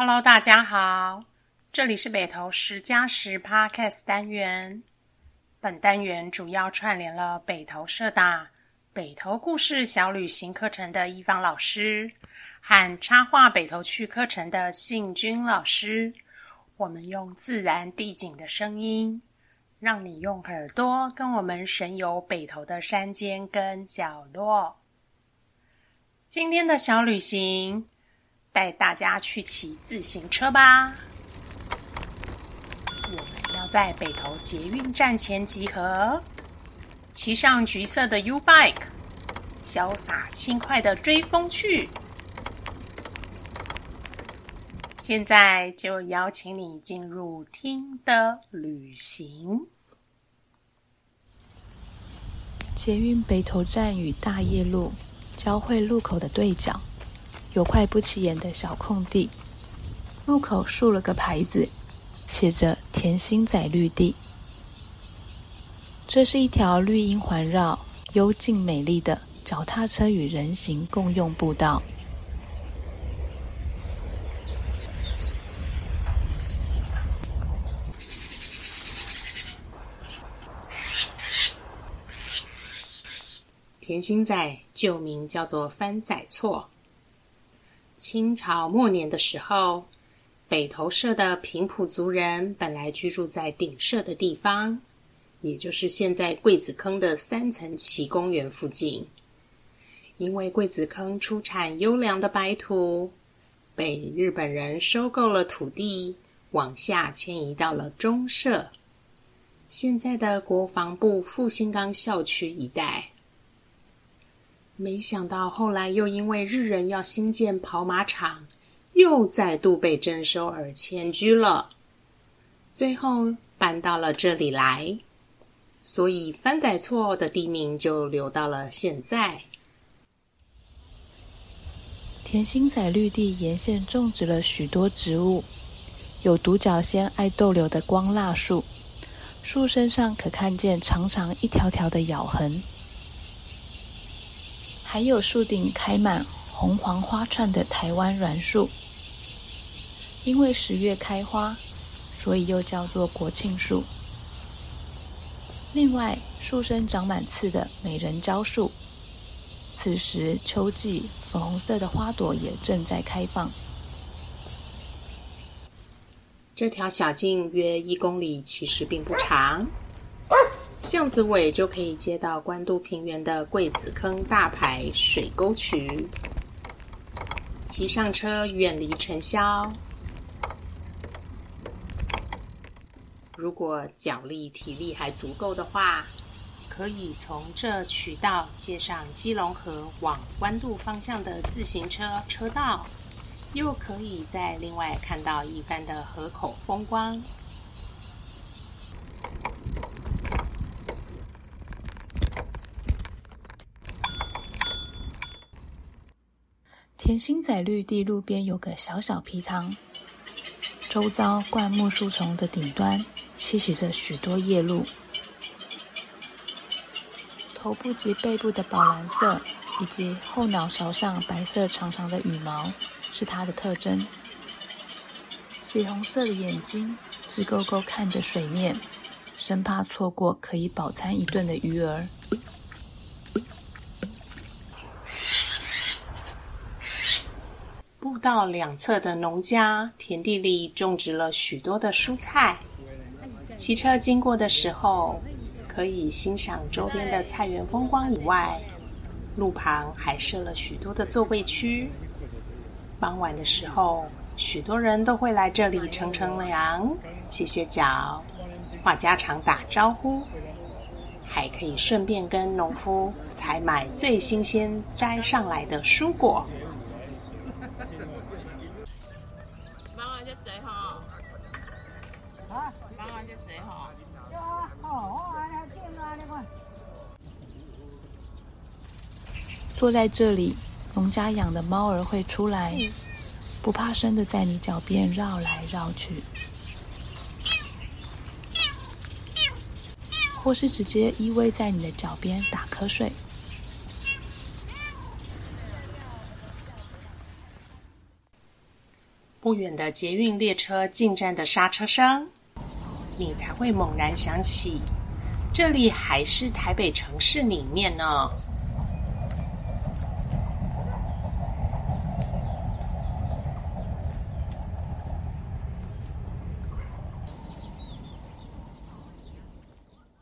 Hello，大家好，這裡是北投十加十 Podcast 單元。本單元主要串聯了北投社大北投故事小旅行課程的伊芳老師和插畫北投趣課程的幸君老師。我們用自然地景的聲音，讓你用耳朵跟我們神遊北投的山間跟角落。今天的小旅行。帶大家去騎自行車吧！我們要在北投捷運站前集合，騎上橘色的 YouBike，瀟灑輕快的追風去。現在就邀請你進入聽的旅行。捷運北投站與大業路交會路口的對角。有塊不起眼的小空地，路口豎了個牌子，寫着“田心仔綠地”。這是一條綠蔭環繞、幽靜美麗的腳踏車與人行共用步道。田心仔舊名叫做番仔厝。清朝末年的時候，北投社的平埔族人本來居住在頂社的地方，也就是現在貴子坑的三層崎公園附近。因為貴子坑出產優良的白土，被日本人收購了土地，往下遷移到了中社，現在的國防部復興崗校區一帶。沒想到後來又因為日人要興建跑馬場，又再度被徵收而遷居了。最後搬到了這裡來，所以番仔厝的地名就留到了現在。田心仔綠地沿線種植了許多植物，有獨角仙愛逗留的光蠟樹，樹身上可看見長長一條條的咬痕。還有樹頂開滿紅黃花串的台灣欒樹，因為十月開花，所以又叫做國慶樹。另外，樹身長滿刺的美人蕉樹，此時秋季粉紅色的花朵也正在開放。這條小徑約一公里，其實並不長。巷子尾就可以接到關渡平原的貴子坑大排水溝渠，騎上車遠離塵囂。如果腳力體力還足夠的話，可以從這渠道接上基隆河往關渡方向的自行車車道，又可以在另外看到一番的河口風光。田心仔綠地路邊有個小小埤塘，周遭灌木樹叢的頂端棲息着許多夜鷺。頭部及背部的寶藍色，以及後腦勺上白色長長的羽毛，是它的特徵。血紅色的眼睛直勾勾看着水面，生怕錯過可以飽餐一頓的魚兒。路道兩側的農家田地裡種植了許多的蔬菜，騎車經過的時候可以欣賞周邊的菜園風光以外，路旁還設了許多的座位區。傍晚的時候，許多人都會來這裡乘乘涼、歇歇腳、話家常、打招呼，還可以順便跟農夫採買最新鮮摘上來的蔬果。坐在這裡，農家養的貓兒會出來，不怕生的在你腳邊繞來繞去，或是直接依偎在你的腳邊打瞌睡。不遠的捷運列車進站的剎車聲，你才會猛然想起，這裡還是台北城市裡面呢。